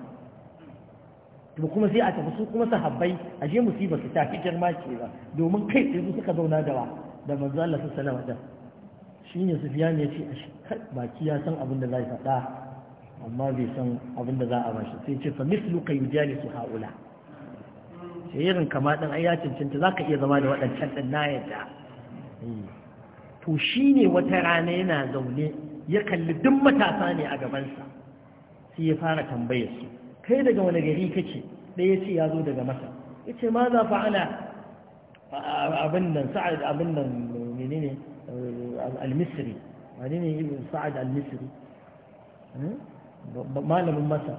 to kuma sai a tafi su kuma sahabbai ashe musibar su ta fi girma ce ba domin kai tsaye su suka zauna da wa da manzo Allah sallama ɗin shine Sufyan ya ce ashe baki ya san abin da zai faɗa amma bai san abin da za a bashi sai ce fa mislu kai yujali su haula sai irin kama din ai ya cancanta zaka iya zama da waɗancan din na yadda eh. to shine wata rana yana zaune ya kalli duk matasa ne a gabansa sai ya fara tambayar su kai daga wani gari kake ɗaya yace ya zo daga masa yace ma za fa'ala abin nan sa'ad abin nan menene al-misri wani ne sa'ad al-misri hmm? malamin masa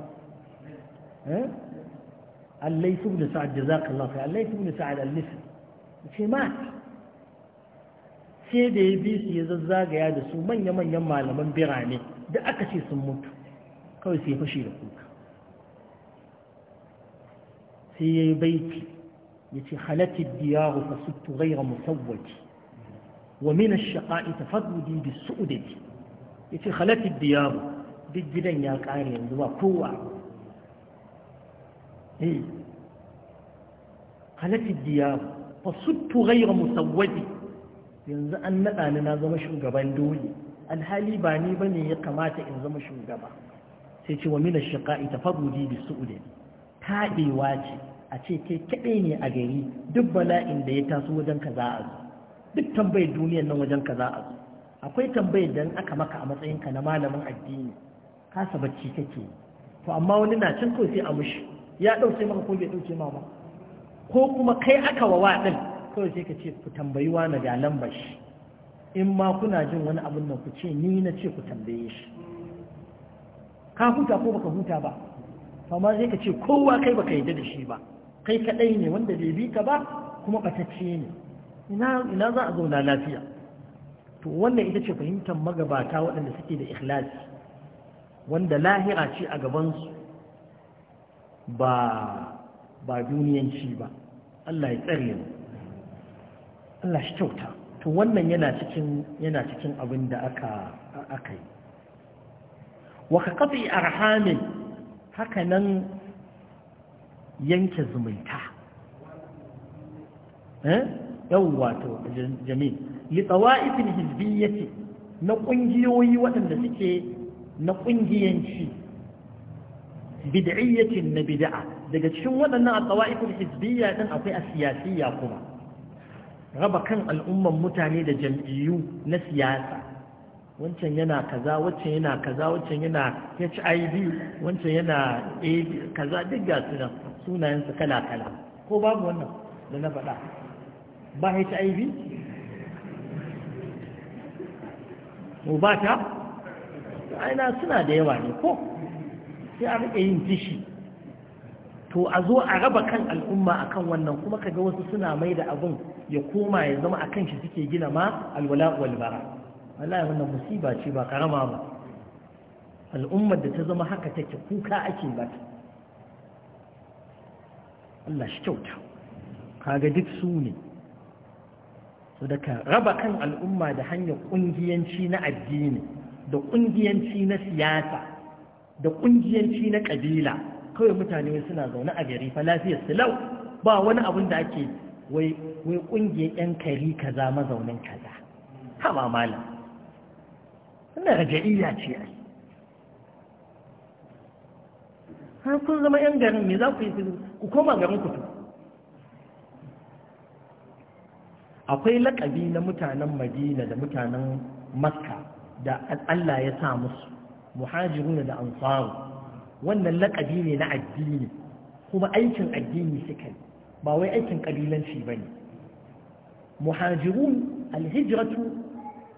allai su ne sa'ad da zaƙa lafi allai su ne sa'ad al-nisi ce mat sai da ya bi su ya zazzagaya da su manya-manyan malaman birane da aka ce sun mutu kawai sai fashe da kuka sai ya yi baiti ya ce halatta diyaru ka suttu gaira musawwaci wa min ash-shaqa'i tafaddi bi su'udati yace halatta diyaru duk gidan ya ƙare yanzu ba kowa E! Eh. halatid diyar fa suttu ghayra musawwadi yanzu an naɗa ni na zama shugaban dole alhali ba ni ba ne ya kamata in zama shugaba sai ce wa mina shiqa'i tafarrudi bi su'udi taɗewa ce a ce ke kaɗe ne a gari duk bala'in da ya taso wajen ka za a zo duk tambayar duniyar nan wajen ka za a zo akwai tambayar da aka maka a matsayinka na malamin addini kasa bacci take to amma wani na cin ko sai a mushi ya ɗauke maka ko bai dauke ma ko kuma kai aka wa din kawai sai ka ce ku tambayi wa na ga lambar shi in ma kuna jin wani abin nan ku ce ni na ce ku tambaye shi ka huta ko baka huta ba To amma sai ka ce kowa kai baka yi da shi ba kai kadai ne wanda bai bi ka ba kuma batacce ne ina ina za a zauna lafiya to wannan ita ce fahimtar magabata waɗanda suke da ikhlasi wanda lahira ce a gabansu ba ba duniyanci ba Allah ya tsare mu Allah shi kyauta to wannan yana cikin yana cikin abin da aka aka yi wa ka qati arhamin haka nan yanke zumunta eh yawwa to jami'i li tawaifil hizbiyyati na kungiyoyi waɗanda suke na ƙungiyanci bid'iyyatin na bid'a daga cikin waɗannan a tsawa'ikul hizbiyya ɗin akwai a siyasiyya kuma raba kan al'umman mutane da jam'iyyu na siyasa wancan yana kaza wancan yana kaza wancan yana hiv wancan yana ab kaza duk ga sunan sunayensu kala-kala ko babu wannan da na faɗa ba hiv? ba ta? aina suna da yawa ne ko sai a rike yin dishi to a zo a raba kan al'umma a kan wannan kuma kaga wasu suna mai da abun ya koma ya zama akan shi suke gina ma alwala wal bara wallahi wannan musiba ce ba karama ba al'ummar da ta zama haka take kuka ake ba ta Allah shi kyauta kaga duk su ne so daga raba kan al'umma da hanyar kungiyanci na addini da ƙungiyanci na siyasa da ƙungiyanci na kabila kawai mutane suna zaune a gari fa lafiyar su ba wani abun da ake wai ƙungiyar 'yan kari kaza mazaunin kaza haba malam wannan raja'iyya ce ai har kun zama 'yan garin me za ku yi ku koma garin ku akwai laƙabi na mutanen madina da mutanen makka da Allah ya sa musu muhajiruna da ansaru wannan laƙabi ne na addini kuma aikin addini suka yi ba wai aikin ƙabilanci ba ne muhajirun alhijratu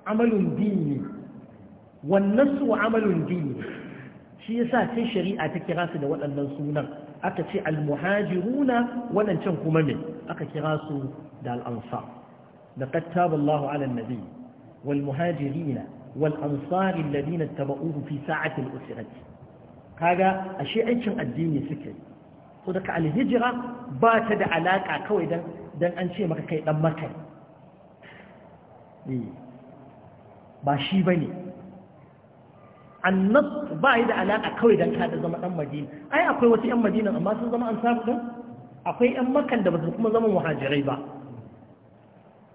amalun dini wannan su amalun dini shi yasa sai shari'a ta kira su da waɗannan sunan aka ce almuhajiruna waɗancan kuma ne aka kira su da al'ansar da kattaba Allah ala nabi wal muhajirina والأنصار الذين اتبعوه في ساعة الأسرة هذا الشيء عشان الدين سكر صدق على الهجرة باتد علاقة كوي دن, دن أنشي مكا كي دمكا باشي بني النص بايد علاقة كوي دن كاد زمان أم مدينة أي أقوى وتي أم مدينة أما سنزمان أنصار دن أقوى أم مكان دبس كما زمان مهاجري بقى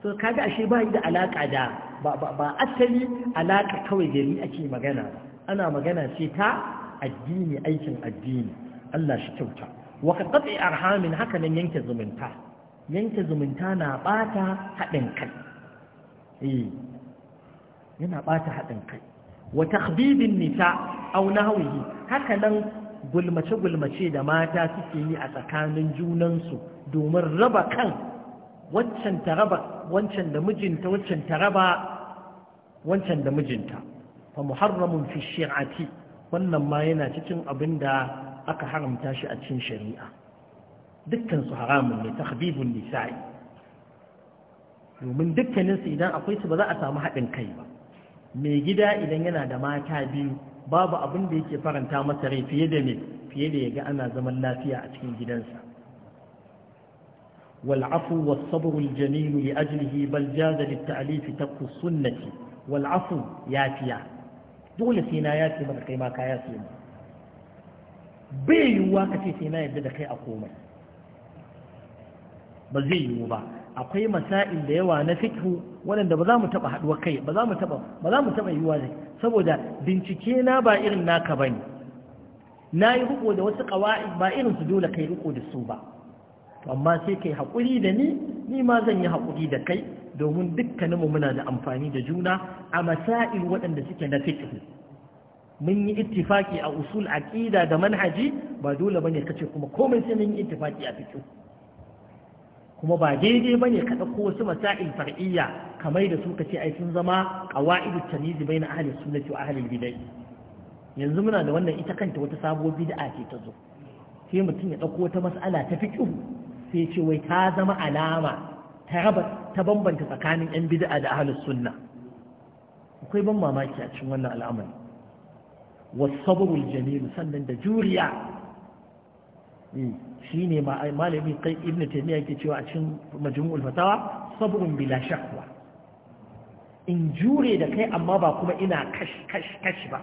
so kaga ashe ba yi da alaka da ba asali alaka kawai gari ake magana ana magana ce ta addini aikin addini Allah shi kyauta wa ka qat'i arhamin haka nan yanke zumunta yanke zumunta na bata haɗin kai eh yana bata haɗin kai wa takhbibin nisa aw nahwihi haka nan gulmace gulmace da mata suke yi a tsakanin junansu domin raba kan Wancan ta raba wancan da mijinta wancan ta raba wancan da mijinta fa muharramun fi shi'ati wannan ma yana cikin abin da aka haramta shi a cikin shari'a dukkan su haramun ne tahdibun nisa'i domin dukkanin su idan akwai su ba za a samu haɗin kai ba mai gida idan yana da mata biyu babu abin da yake faranta masa rai fiye da me fiye da yaga ana zaman lafiya a cikin gidansa والعفو والصبر الجميل لأجله بل جاز للتأليف ترك السنة والعفو ياتيا دول سينا ياتي من قيما كياتي بيوا كفي سينا يبدأ كي أقوم بزيوا با akwai masa'il da yawa na fikhu waɗanda ba za mu taɓa haɗuwa kai ba za mu taɓa ba za mu taɓa yiwuwa saboda bincike na ba irin naka na yi da wasu ba irin su dole kai riko da su ba amma sai kai haƙuri da ni ni ma zan yi haƙuri da kai domin dukkaninmu muna da amfani da juna a masa'il waɗanda suke na fiqh mun yi ittifaki a usul aqida da manhaji ba dole bane kace kuma komai sai mun yi ittifaki a fiqh kuma ba daidai bane ka dauko wasu masail far'iyya kamar da su kace ai sun zama qawaidu tamiz baina ahli sunnati wa ahli bid'ah yanzu muna da wannan ita kanta wata sabuwar bid'a ce ta zo sai mutum ya dauko wata mas'ala ta fiqh sai ce wai ta zama alama ta raba ta bambanta tsakanin yan bid'a da ahlus sunna akwai ban mamaki a cikin wannan al'amari wasabrul jamil sannan da juriya eh, shi ne malami kai ibn taymiya yake cewa a cikin majmu'ul fatawa sabrun bila shakwa in jure da kai amma ba kuma ina kash kash kash ba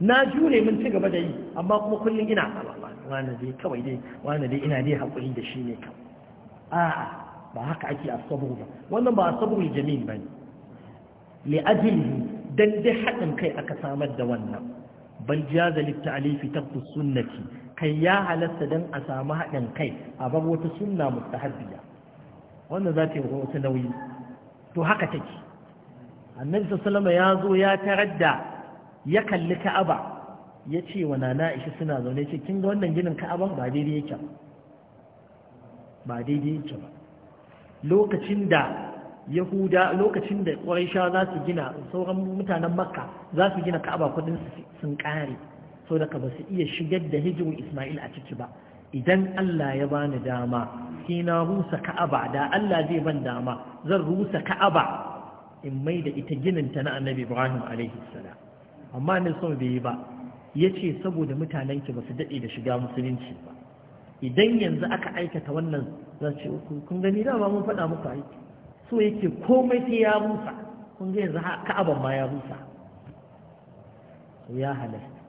na jure mun ci gaba da yi amma kuma kullum ina kaba wani dai kawai dai wani dai ina dai haƙuri da shi ne kawai a'a ba haka ake asabu ba wannan ba asabu jamil ba ne li ajlihi dan dai haɗin kai aka samar da wannan bal jaza lit ta'lifi tarku sunnati kai ya halasta don a samu haɗin kai a bar wata sunna mustahabbiya wannan za ta yi wata nauyi to haka take annabi sallallahu alaihi wasallam ya zo ya tarar da ya kalli ka'aba ya ce wa nana ishi suna zaune ce kin ga wannan ginin ka'aban ba daidai yake ba daidai yake ba lokacin da yahuda lokacin da ƙwarisha za su gina sauran mutanen makka za su gina ka'aba kudin sun ƙare sau daga ba su iya shigar da hijirin ismail a ciki ba idan allah ya bani dama sai na rusa ka'aba da allah zai ban dama zan rusa ka'aba in mai da ita ta na annabi ibrahim alaihi salam amma ne son bai yi ba ya ce saboda mutanenki ba su daɗe da shiga musulunci ba idan yanzu aka aikata wannan za ce kun gani dama mun faɗa muku aiki so yake komai sai ya rusa kun ga yanzu ka'aban ma ya rusa ya halasta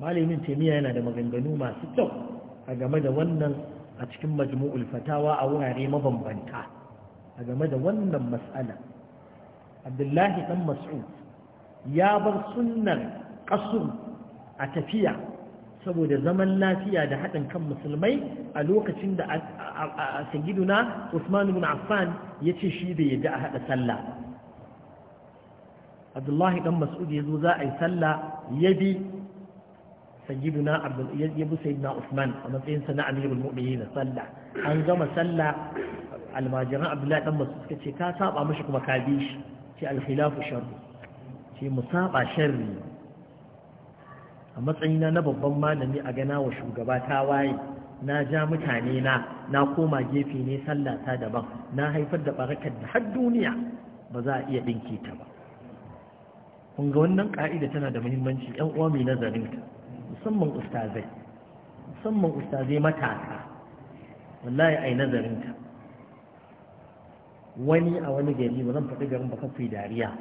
malamin taimiyya yana da maganganu masu kyau a game da wannan a cikin majmu'ul fatawa a wurare mabambanta a game da wannan mas'ala abdullahi dan mas'ud ya bar sunnar ƙasur a tafiya saboda zaman lafiya da haɗin kan musulmai a lokacin da a sagiduna Usman ibn Affan ya ce shi da yadda a haɗa sallah Abdullahi ɗan Mas'ud ya zo za a yi sallah ya bi sagiduna ya bi sayyidina Usman a matsayin sa na Amirul Mu'minin sallah an gama sallah almajiran Abdullahi ɗan Mas'ud suka ce ka saba mashi kuma ka bi shi ce alhilafu khilafu sharri ce mu saba sharri a matsayina na babban malami a gana wa shugaba ta waye na ja mutane na na koma gefe ne sallata daban na haifar da barakar da har duniya ba za a iya dinki ta ba kun ga wannan ƙa'ida tana da muhimmanci yan uwa mai nazarin ta musamman ustazai musamman ustazai matasa wallahi ai nazarin ta wani a wani gari ba zan faɗi garin ba kafin dariya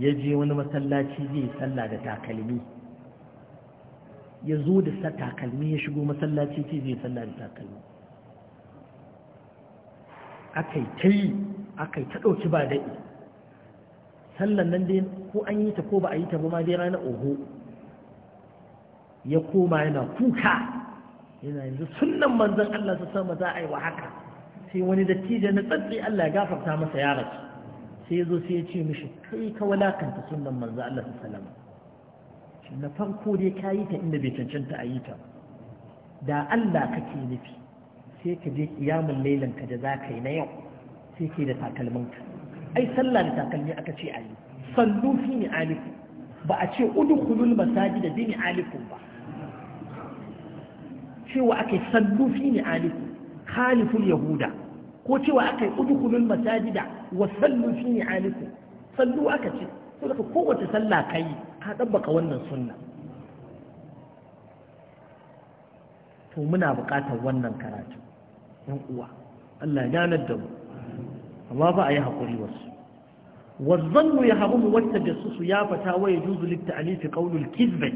ya je wani masallaci zai sallah da takalmi ya zo da takalmi ya shigo masallaci ce zai sallah da takalmi akai ta yi ta ɗauki ba daɗi sallan nan dai ko an yi ta ko ba a yi ta ba ma dai ranar oho ya koma yana kuka yana yanzu sunnan manzan Allah su sama za a yi wa haka sai wani dattijo na tsatsi Allah ya gafarta masa ya rasu sai ya zo sai ya ce mishi kai ka walakanta sunnan manzan Allah su salama na farko dai ka yi ta inda bai cancanta a yi ta da Allah kake nufi sai ka je iyamun lailan ka da za ka yi na yau sai ke da takalminka. ai sallah da takalmi aka ce a yi sallu fi ni alikum ba a ce udu udkhulul masajid bi ni aliku ba cewa aka yi sallu fi ni alikum khaliful yahuda ko cewa aka yi udkhulul da wa sallu fi ni alikum sallu aka ce saboda kowace sallah yi. a ɗabbaka wannan sunna to muna buƙatar wannan karatu ɗan uwa Allah ya ganar da mu amma ba a yi hakuri wasu wazzan mu ya haɓu mu da su ya fata wa ya juzu likta alifi ƙaunul kizbet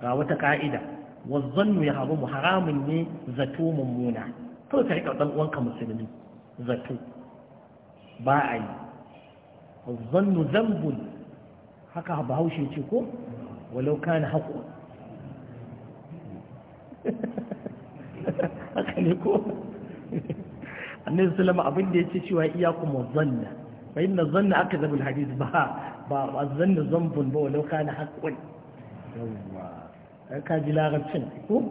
ga wata ƙa'ida wazzan mu ya haɓu haramun ne zato mummuna to ka rika ɗan uwanka musulmi zato ba a yi wazzan mu zambun haka bahaushe ce ko walau na haƙo haka ne ko annin sulama abin da ya ce cewa iya kuma wazanna fa na zanna aka zabi hadis ba ba a zanna zambun ba walau kana haqqun yawwa ka ji larabcin ko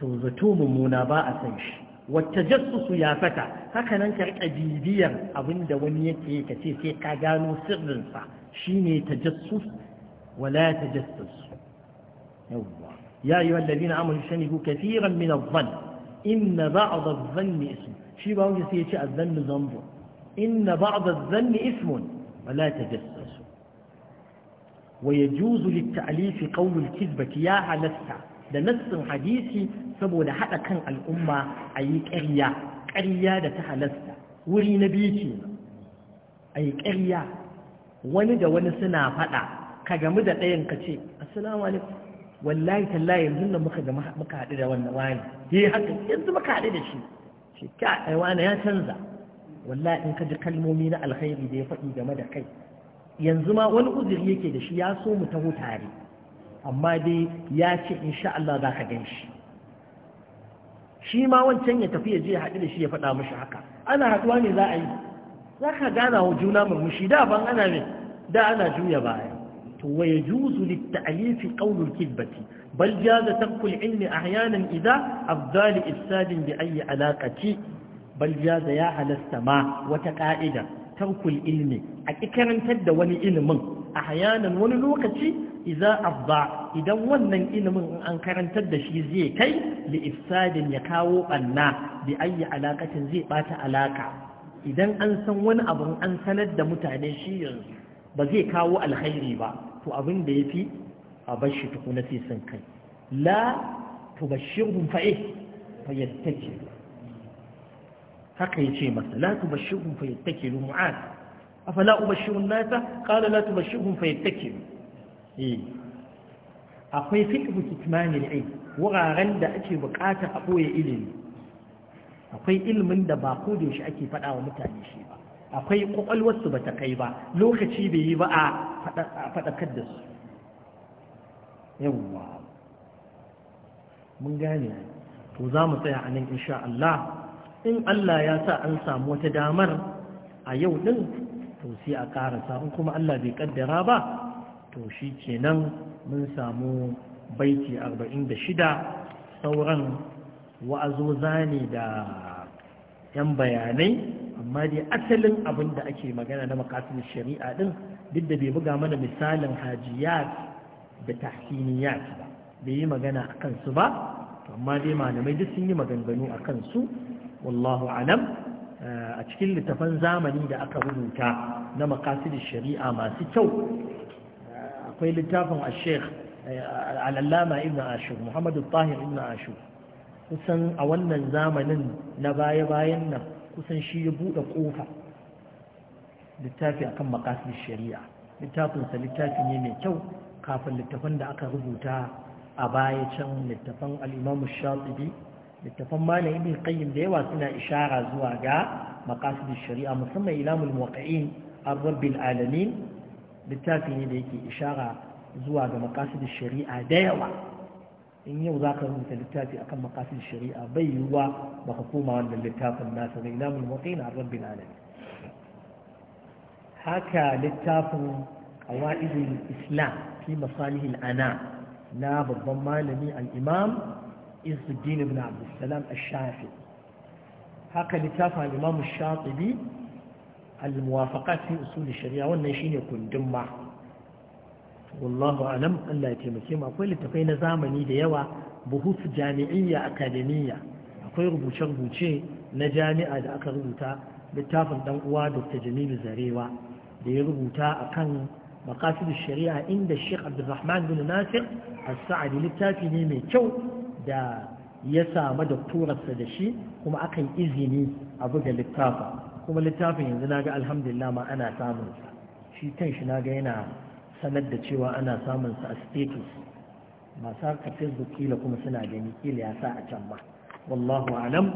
to zato mummuna ba a san shi wata jasusu ya fata haka nan ka bibiyar abinda wani yake ka ce sai ka gano sirrinsa شيني تجسس ولا تجسس يا أيها الذين آمنوا شنبوا كثيرا من الظن إن بعض الظن اسم شي باوجي شيء الظن ذنب إن بعض الظن اسم ولا تجسس ويجوز للتعليف قول الكذبة يا حلسة ده الحديث حديثي سبو ده كان الأمة أي كريا كريا لتحلسة وري نبيتي أي كريا wani da wani suna faɗa ka gamu da ɗayan ka ce assalamu alaikum wallahi tallahi yanzu nan muka muka haɗu da wannan wani yi haka yanzu muka haɗu da shi ce ka ai ya canza wallahi in ka ji kalmomi na alkhairi da ya faɗi game da kai yanzu ma wani uzuri yake da shi ya so mu taho tare amma dai ya ce insha Allah za ka gan shi shi ma wancan ya tafi ya je haɗu da shi ya faɗa mashi haka ana haɗuwa ne za a yi za ka gana wa juna murmushi da ban ana ne da ana juya baya to wa yajuzu litta'lifi qawlul kidbati bal jaza tarku al-ilmi ahyanan idha afdal ifsadin bi ayi alaqati bal jaza ya halasta ma wata ƙa'ida, tarku ilmi a karantar da wani ilimin ahyanan wani lokaci idza afda idan wannan ilimin an karantar da shi zai kai li ifsadin ya kawo banna bi ayi alaqatin zai bata alaka idan an san wani abun an sanar da mutane shi yanzu ba zai kawo alkhairi ba to abin da ya fi a bashi tuku na sai sun kai la tubashshirhum fa eh fa yattakilu haka ya yace masa la tubashshirhum fa yattakilu mu'ad afala ubashshiru an-nasa Kala la tubashshirhum fa yattakilu eh akwai fiqh kitmanil ilm wuraren da ake bukatar a boye ilimi akwai ilimin da ba ko da yaushe ake faɗa wa mutane shi ba akwai kwakwalwarsu ba ta kai ba lokaci bai yi ba a faɗakar da su yawwa mun gane to za mu tsaya a nan insha Allah in Allah ya sa an samu wata damar a yau ɗin to sai a ƙarasa in kuma Allah bai ƙaddara ba to shi kenan mun samu baiti 46 sauran wa'azo zane da 'yan bayanai amma dai asalin abin da ake magana na makasin shari'a din duk da bai buga mana misalin hajiyar da tahsiniyat ba bai yi magana a kansu ba amma dai malamai duk sun yi maganganu a kansu wallahu alam a cikin littafan zamani da aka rubuta na makasin shari'a masu kyau akwai littafin a sheikh al'allama ibn ashur muhammadu tahir ibn ashur kusan a wannan zamanin na baya-bayan nan kusan shi ya buɗe ƙofa littafi akan makasin shari'a littafinsa littafi ne mai kyau kafin littafan da aka rubuta a baya can littafan al'imamu shafi littafan mana ibn da yawa suna ishara zuwa ga maqasid shari'a musamman ilamul muwaqqi'in ar alamin littafi ne da yake ishara zuwa ga maqasid shari'a da yawa in yau za ka rubuta littafi akan makasin shari'a bai yiwuwa baka koma wannan littafin nasa bai na mulmutai na rabbin alamin haka littafin qawaidul islam fi masalihil ana na babban malami al-imam Izzuddin ibn Abdul Salam ash-Shafi haka littafin al-imam ash-Shatibi al-muwafaqat fi usul ash-shari'a wannan shine kundin ma wallahu alam Allah ya taimake mu akwai littafai na zamani da yawa buhuf jami'iyya akademiyya akwai rubuce-rubuce na jami'a da aka rubuta littafin ɗan uwa Dr. Jamilu Zarewa da ya rubuta akan maqasid shari'a inda Sheikh Abdulrahman bin Nasir a sadi littafi ne mai kyau da ya samu doktorarsa da shi kuma akan izini a buga littafa kuma littafin yanzu naga alhamdulillah ma ana samun shi kan shi ga yana sanar da cewa ana samun su a status masu haka facebook kila kuma suna gani kila ya sa a can ba wallahu alam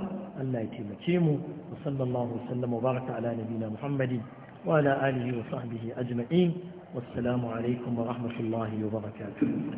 Allah ya taimake mu wa sallallahu wasallam wa baraka ala nabina muhammadin wa ala alihi wa sahbihi ajma'in wassalamu alaikum wa rahmatullahi wa barakatuh